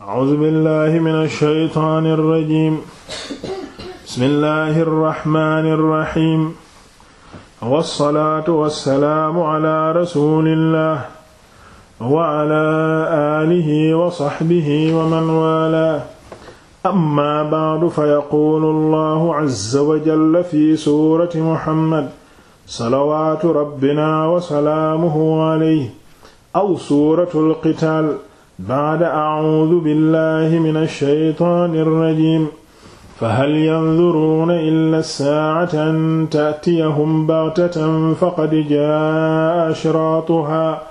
A'uuzu billaahi mina shaytaani rajiim. Bismillaahi rahmaani rahiim. Wassalaatu wassalaamu alaa rasuulillaah wa alaa aalihi wa sahbihi wa man waalaa. Ammaa ba'du fayaquulu Allaahu azza wa jalla fi suurati Muhammad salawaatu rabbinaa wa salaamuhu alayhi aw suuratul qitaal. ba'da a'uudu billahi mina shaytaani rajiim fahal yanzuruuna illaa saa'ata an ta'tiyahum baghtatan faqad jaa'a ashraatuhaa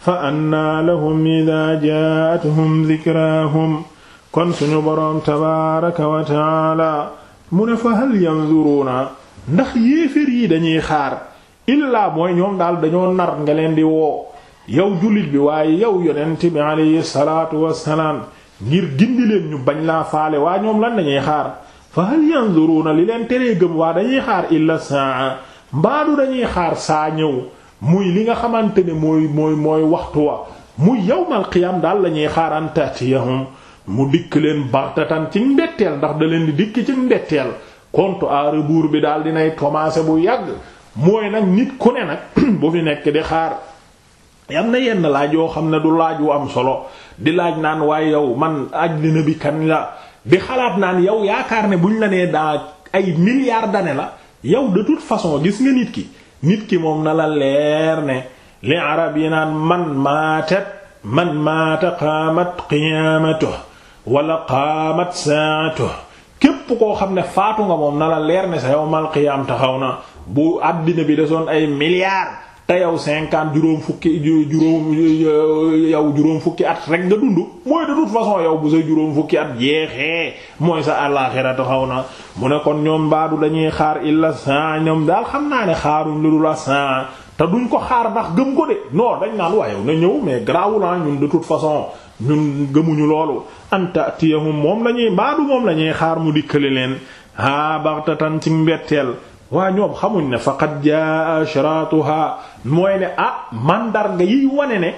fa-annaa lahum idhaa jaa'athum dhikraahum kon suñu boroom tabaaraka wa ta'aalaa mu ne fahal yanzuruuna ndax yéefér yi dañuy xaar illaa mooy ñoom daal dañoo nar nga leen di woo yow jullit bi waaye yow yonent bi alayhi salaatu wassalaam ngir gindi leen ñu bañ laa faale waa ñoom lan dañuy xaar fa hal na li leen teree gëm waa dañuy xaar illa saa mbaadu dañuy xaar saa ñëw muy li nga xamante ne mooy mooy waxtu wa muy yawmal qiyaam daal lañuy xaar an tatiyahum mu dikk leen baxtatan ci mbetteel ndax da leen di dikk ci mbetteel compte à buur bi daal dinay commencer bu yàgg mooy nag nit ku ne nag bu fi nekk di xaar yam na yenn laaj yoo xam ne du laaj wu am solo di laaj naan waaye yow man àddina bi kan la di xalaat naan yow yaakaar ne buñ la nee daa ay milliards d'années la yow de toute façon gis nga nit ki nit ki moom na la leer ne li arab yi naan man maatat man maata qaamat qiyaamatu wala qaamat saatu képp koo xam ne faatu nga moom na la leer ne sa yawmal qiyaam taxaw na bu àddina bi desoon ay milliards te yow cinquante juróom fukki juróom euh, yow juróom fukki at rek nga dund mooy de toute façon yow bu sa juróom fukki at jeexee mooy sa àllaxira taxaw na mu ne kon ñoom mbaadu dañuy xaar illa saa ñoom daal xam naa ne xaaruñ lu dul la saa te duñ ko xaar ndax gëm ko de non dañ naan waaye yow na ñëw mais garaawul ah ñun de toute façon ñun gëmuñu loolu anta tiyahum moom lañuy mbaadu moom lañuy xaar mu dikkali leen haa baxtatan ci mbetteel waa ñoom xamuñ ne faqad jaa ashratuha mooy ne ah mandarga yi wane ne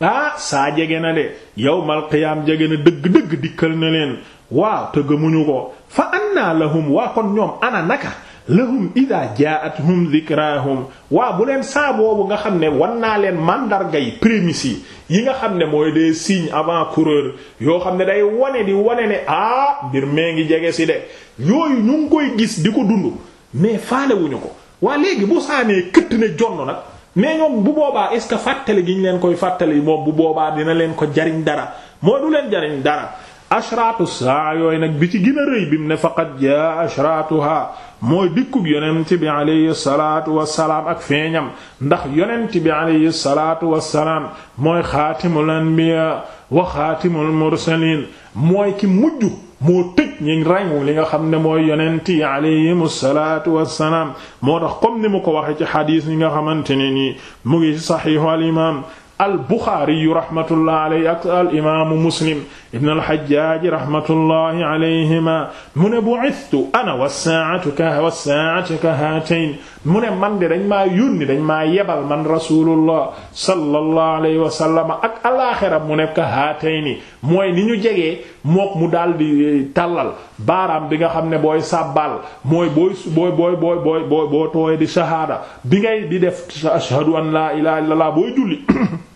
ah saa jege na de yow qiyaam jege na dëgg-dëgg dikkal na leen waaw te gëmuñu ko fa anna lahum waa kon ñoom ana naka lahum ida jaa'athum dhikrahum waa bu leen saa boobu nga xam ne wan naa leen mandarga yi prémices yi nga xam ne mooy des signes avant-coureurs yoo xam ne day wane di wane ne ah mbir mee ngi jege si de yooyu ñu koy gis di ko dund mais faalewuñu ko waa léegi bu saanee këtt ne jonn nag mais ñoom bu boobaa est-ce que fàttali gi ñu leen koy fàttali moom bu boobaa dina leen ko jariñ dara moo du leen jariñ dara ashraatu saa yooyu nag bi ci gën a rëy bi mu ne faqat jaa ashraatuha mooy dikkug yonent bi ak feeñam ndax yonent bi alayhi salaatu wassalaam mooy xaatimul anbiya wa xaatimul mursaliin mooy ki mujj moo tëj ñi ràññu li nga xam ne mooy yonent yi alayhimu salaatu wassalaam moo tax comme ni mu ko waxee ci xadiis yi nga xamante ne nii mu ngi saxiixu al imaam al buxaari yu rahmatullah alayhi ak al imaamu muslim ibn al-Hajjaj rahmatullahi alayhima mu ne bu'ithtu ana was-sa'atu ka was-sa'atu ka hatayn mu ne man de dañ maa yónni dañ maa yebal man rasulullah sallallahu alayhi wa sallam ak alaaxira mu ne ka haatayni mooy ni ñu jegee mook mu daal di eh, tàllal baaraam bi nga xam ne booy sàbbal mooy booy booy booy booy booy boo tooyee di shahaada bi ngay di def ashhadu an laa ilaaha illallaah booy julli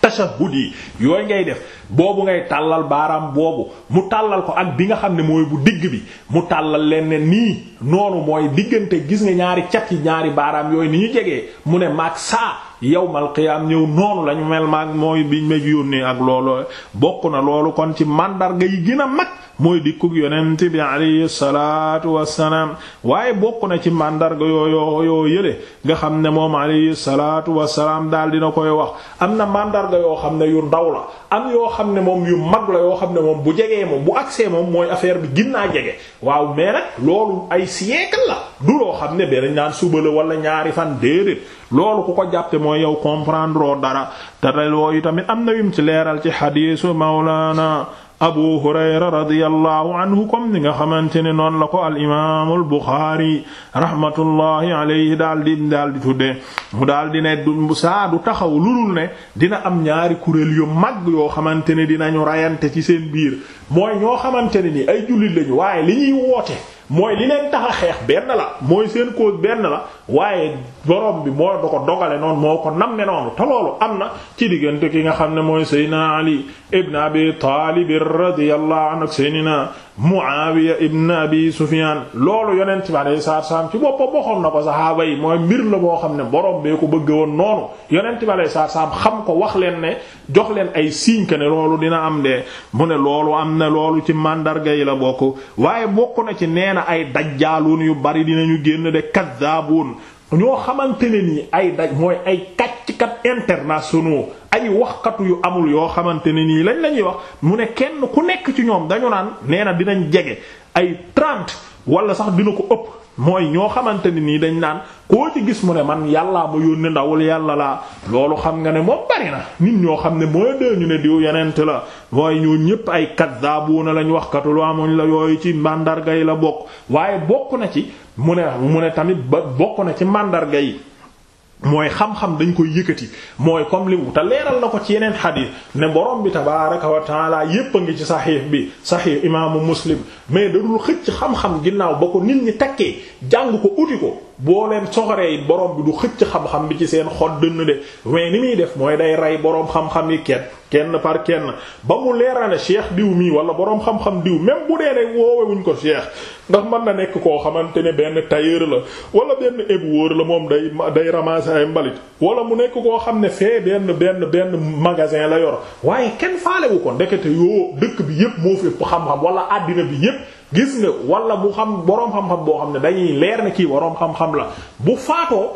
tashahud yi yooyu ngay def boobu ngay tàllal baaraam boobu mu tàllal ko ak bi nga xam ne mooy bu digg bi mu tàllal leen ne nii noonu mooy diggante gis nga ñaari cat yi ñaari baaraam yooyu ni ñu jegee mu ne maag saa yawmal qiyaam ñëw noonu lañu mel maag mooy biñ ma yónnee ak looloo bokk na loolu kon ci màndarga yi gina mag mooy dikkug yonent bi alayhi salaatu wassalaam waaye bokk na ci màndarga yoo yoo yoo nga xam ne moom alayhi salaatu wassalaam daal dina koy wax am na màndarga yoo xam ne yu ndaw la am yoo xam ne moom yu mag la yoo xam ne moom bu jegee moom bu agsee moom mooy affaire bi gin jege waaw mais nag loolu ay siècle la du loo xam ne benn naan suba wala ñaari fan loolu ku ko jàppe mooy yow comprendre dara te looyu tamit am na yum ci leeral ci xadiisu mawlaana abu hurayra radiyallahu anhu comme ni nga xamante ne noonu la ko al imaamul buxaari rahmatullahi alayhi daal di daal di tuddee mu daal di ne du saa du taxaw lulul ne dina am ñaari kuréel yu mag yoo xamante ne ñu rayante ci seen biir mooy ñoo xamante ne ni ay jullit lañu waaye li ñuy woote mooy li leen tax xeex benn la mooy seen cause benn la waaye borom bi moo da ko dogale noonu moo ko namme noonu te loolu am na ci diggante ki nga xam ne mooy seydina ali ibn abi taalib radiyallahu anhu seydina muawiya ibn abi sufyan loolu yonent bi alayhi salaatu salaam ci boppam waxoon na ko saxaaba yi mooy mbir la boo xam ne borom bee ko bëgg woon noonu yonent bi alayhi salaatu salaam xam ko wax leen ne jox leen ay signe que ne loolu dina am de mu ne loolu am na loolu ci màndarga yi la bokku waaye bokk na ci nee na ay dajjaaluun yu bari dinañu génn de kaddaabuun ñoo xamante ne nii ay daj mooy ay kàcckat internationaux ay waxkatu yu amul yoo xamante ne nii lañ la ñuy wax mu ne kenn ku nekk ci ñoom dañu naan nee na dinañ jege ay trente wala sax dina ko ëpp. mooy ñoo xamante ne nii dañ naan koo ci gis mu ne man yàllaa ma yónni ndawul yàlla laa loolu xam nga ne moom bari nit ñoo xam ne mooy dee ñu ne diw yenent la mooy ñoo ñépp ay na lañu waxkatu lu amuñ la yooyu ci màndarga yi la bokk waaye bokk na ci mu ne mu ne tamit ba bokk na ci màndarga yi mooy xam-xam dañ koy yëkkati mooy comme li te leeral na ko ci yeneen xadiis ne borom bi tabaaraka wa taala yépp a ngi ci saxiix bi saxiix imaamu muslim mais dadul xëcc xam-xam ginnaaw ba ko nit ñi takkee jàng ko uti ko boo leen soxoree it borom bi du xëcc xam-xam bi ci seen xod dënn de mais ni muy def mooy day rey boroom xam-xam yi kenn kenn par kenn ba mu leeral ne diw mii wala borom xam-xam diw même bu dee ne woowewuñ ko cheikh ndax man na nekk koo xamante ne benn tailleur la wala benn éboueur la moom day day ramasser ay mbalit wala mu nekk koo xam ne fee benn benn benn magasin la yor waaye kenn faalewu ko ndekete yoo dëkk bi yépp moo fi xam-xam wala àddina bi yépp gis nga wala bu xam boroom xam-xam boo xam ne dañuy leer ne kii waroom xam-xam la bu faatoo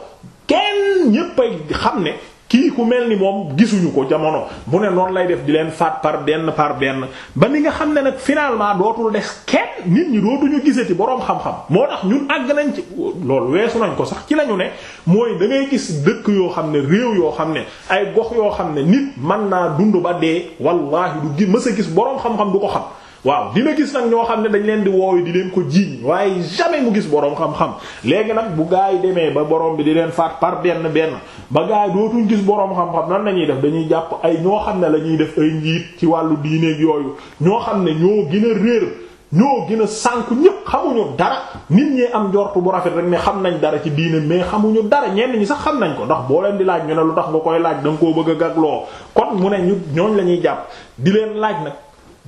kenn ñépp ay xam ne kii ku mel ni moom gisuñu ko jamono bu ne noonu lay def di leen faat par benn par benn ba ni nga xam ne nag finaalement dootul des kenn nit ñi dootuñu gisati boroom xam-xam moo tax ñun àgg nañ ci loolu weesu nañ ko sax ci lañu ne mooy da ngay gis dëkk yoo xam ne réew yoo xam ne ay gox yoo xam ne nit mën naa dund ba dee wallaahi du gi mës a gis boroom xam-xam du ko xam waaw dina gis nag ñoo xam ne dañ leen di woowe di leen ko jiiñ waaye jamais mu gis boroom xam-xam léegi nag bu gaa yi demee ba borom bi di leen faat par benn benn ba gaa yi dootuñ gis boroom xam-xam nan lañuy def dañuy jàpp ay ñoo xam ne ñuy def ay njiit ci wàllu diineeg yooyu ñoo xam ne ñoo gën a réer ñoo gën a sànku ñépp xamuñu dara nit ñi am njortu bu rafet rek ni xam nañ dara ci diine mais xamuñu dara ñenn ñi sax xam nañ ko ndax boo leen di laaj ñu ne lu tax nga koy laaj da koo bëgg a gagloo kon mu ne ñu ñooñ la ñuy jàpp di leen laaj nag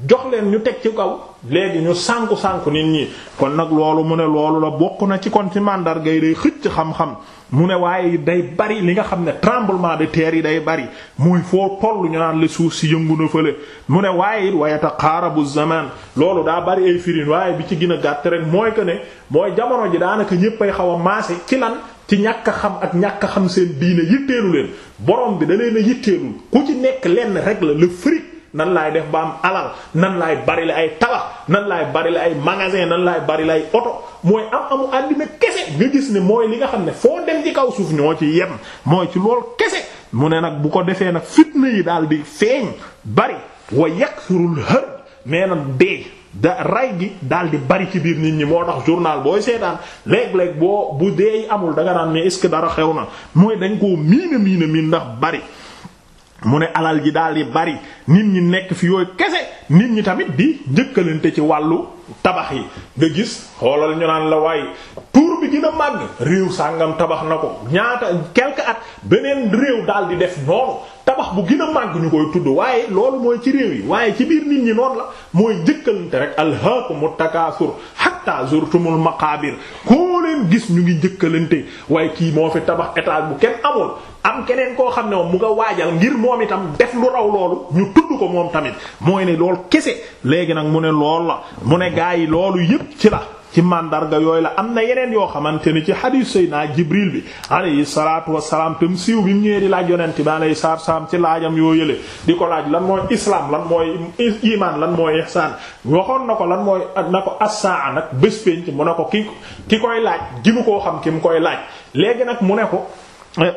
jox leen ñu teg ci kaw léegi ñu sànku sànku nit ñi kon nag loolu mu ne loolu la bokk na ci kon ci mandarga yi day xëcc xam-xam mu ne waaye day bari li nga xam ne tremblement de terre yi day bari muy foo toll ñu naan la suuf si yëngu na fële mu ne waaye it wayata xaarabu zaman loolu daa bari ay firin waaye bi ci gën a gàtt rek mooy que ne mooy jamono ji daanaka ñépp ay xaw a maase ci lan ci ñàkk xam ak ñàkk xam seen diine yitteelu leen borom bi da leen nekk lenn rek nan laay def ba am alal nan laay bari la ay tabax nan laay bari la ay magasin nan laay bari la ay oto mooy am amu àddina kese nga gis ne mooy li nga xam ne foo dem ci kaw suuf ñoo ci yem mooy ci lool kese mu ne nag bu ko defee nag fitna yi daal di feeñ bari wa yaksurul hër nee na dee da ray gi daal di bari ci biir nit ñi moo tax journal booy seetaan léeg-léeg boo bu dee amul da nga naan mais est ce que dara xew na mooy dañ koo miin a miin a miin ndax bari mu ne alal ji daal di bari nit ñi nekk fi yooyu kese nit ñi tamit bi njëkkalante ci wàllu tabax yi nga gis xoolal ñu naan la waaye tuur bi dina màgg réew sàngam tabax na ko ñaata quelque at beneen réew dal di def noonu tabax bu gën a màgg ñu koy tudd waaye loolu mooy ci réew yi waaye ci biir nit ñi noonu la mooy njëkkalante rek mu takaasur hatta zurtumul maqaabir leen gis ñu ngi jëkkalante waaye kii moo fi tabax étage bu kenn amul am keneen koo xam ne moom mu nga waajal ngir moom itam def lu raw loolu ñu tudd ko moom tamit mooy ne lool kese léegi nag mu ne lool la mu ne gaa yi loolu yépp ci la ci màndarga yooyu la am na yeneen yoo xamante ni ci xadiis Seydina Jibril bi alayhi salaatu wassalaam tam siiw bi mu ñëwee di laaj yonent bi alayhi salaatu wassalaam ci laajam yoo yële di ko laaj lan mooy islaam lan mooy iman lan mooy ihsaan waxoon na ko lan mooy na ko as-saa nag bés penc mu ne ko ki ki koy laaj ginu koo xam ki mu koy laaj léegi nag mu ne ko eh,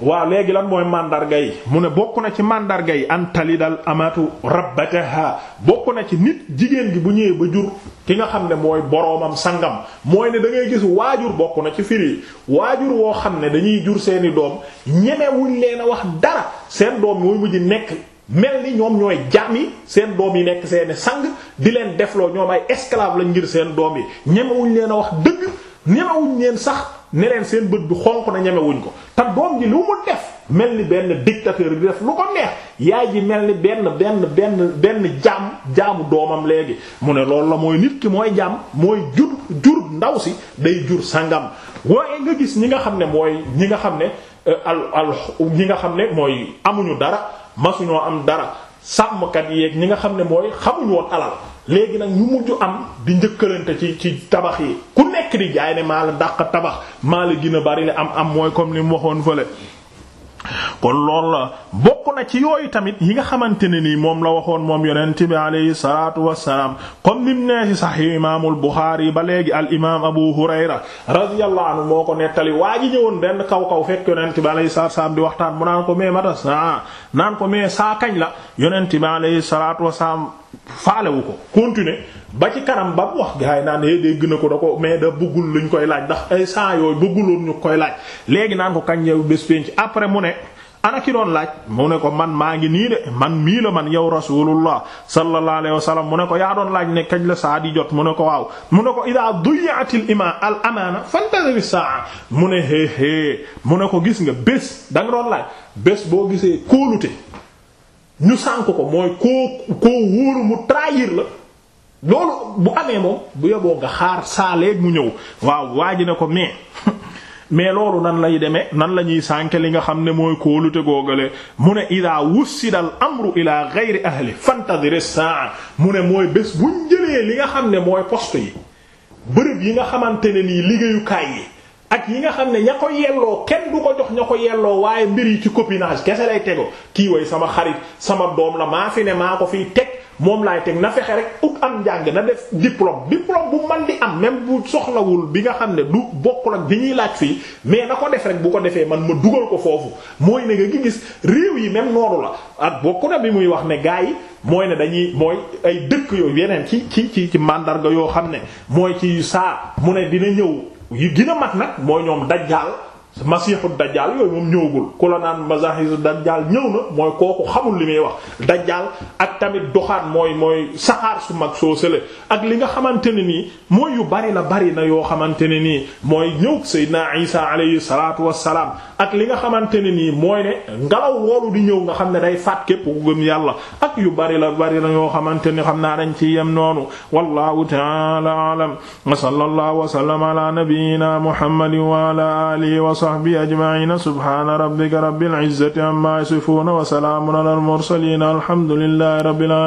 waa léegi lan mooy mandarga yi mu ne bokk na ci mandarga yi an talidal amatu rabbataha bokk na ci nit jigéen gi bu ñëwee ba jur ki nga xam ne mooy boroomam sangam mooy ne dangay ngay waajur bokk na ci firi waajur woo xam ne dañuy jur seeni doom ñemewuñ leen a wax dara seen doom mooy mujj nekk mel ni ñoom ñooy jaam seen doom yi nekk seeni sang di leen defloo ñoom ay esclave lañ ngir seen doom yi ñemewuñ leen a wax dëgg ñemewuñ leen sax ne seen bët bi xonq na ñemewuñ ko te doom ji lu mu def mel ni benn dictateur di def lu ko neex yaay ji mel ni benn benn benn benn jaam jaamu doomam léegi mu ne loolu la mooy nit ki mooy jaam mooy jur jur ndaw si day jur sàngam waaye nga gis ñi nga xam ne mooy ñi nga xam ne euh, al al ñi nga xam ne mooy amuñu dara masuñoo am dara sàmmkat yeeg ñi nga xam ne mooy xamuñoo woon alal léegi nag ñu mujj am di njëkkalante ci ci tabax yi ku nekk di jaay ne maa la dàq tabax maa la gën bari la am am mooy comme li waxoon fële kon loolu la bokk na ci yooyu tamit yi nga xamante ne nii moom la waxoon moom yonent bi alayhi salaatu wassalaam comme nim nee ci sahih imaamul Buxaari ba léegi al imaam Abu Hurayra radiyallahu anhu moo ko nettali waa ji ñëwoon benn kaw kaw fekk yonent bi alayhi salaatu wassalaam di waxtaan mu naan mais mata ah, naan ko mais saa la yonent bi faalewu ko continuer ba ci kanam ba wax gars yi naan eh dégg na ko da ko mais da bëggul luñ koy laaj ndax ay saa yooyu bëgguloon ñu koy laaj léegi naan ko kañ yow bés penc après mu ne. ana ki doon laaj mu ne ko man maa ngi nii de man mii la man yow rasulullah sallallahu alayhi wasallam mu ne ko yaa laaj ne kañ la saa di jot mu ne ko waaw mu ne ko ida duyatil ima al amaana fantazir saa mu ne mu ne ko gis nga bés danga nga doon laaj bés boo gisee kóolute ñu sànk ko mooy koo koo wóoru mu trahir la loolu bu amee moom bu yoboo nga xaar saaleeg mu ñëw waaw waa ji ne ko mais mais loolu nan lañuy demee nan la ñuy sànke li nga xam ne mooy kóolute googale mu ne ida wussida al amru ila geyri ahli fantadiri saa mu ne mooy bés bu jëlee li nga xam ne mooy poste yi bërëb yi nga xamante ne nii liggéeyukaay yi ak yi nga xam ne ña ko yelloo kenn du ko jox ña ko yelloo waaye mbir yi ci copinage kese lay tego kii way sama xarit sama doom la maa fi ne maa ko fiy teg moom laay teg na fexe rek ut am njàng na def diplôme diplôme bu man di am même bu soxlawul bi nga xam ne du bokkul ak bi ñuy laaj fii mais na ko def rek bu ko defee man ma dugal ko foofu mooy ne nga gi gis réew yi même noonu la ak bokku na bi muy wax ne gaa yi mooy ne dañuy mooy ay dëkk yooyu yeneen ci ci ci ci mandarga yoo xam ne mooy ci saa mu ne dina ñëw yi gën mat nag moo ñoom dajjaal masiixu dajjaal yooyu moom ñëwagul ku la naan masiixu dajjaal ñëw na mooy kooku xamul li muy wax dajjaal ak tamit doxaan mooy mooy saxaar su mag soo sële ak li nga xamante ne nii mooy yu bari la bari na yoo xamante ne nii mooy ñëw Seydina Isa alayhi salaatu wassalaam ak li nga xamante ne nii mooy ne ngelaw loolu di ñëw nga xam ne day faat képp ku gëm yàlla ak yu bari la bari na yoo xamante ni xam naa dañ ci yem noonu wallahu ta'ala a'lam wa sallallahu wa sallama ala nabiyyina muhammadin wa وصحبه أجمعين سبحان ربك رب العزة عما يصفون وسلام على المرسلين الحمد لله رب العالمين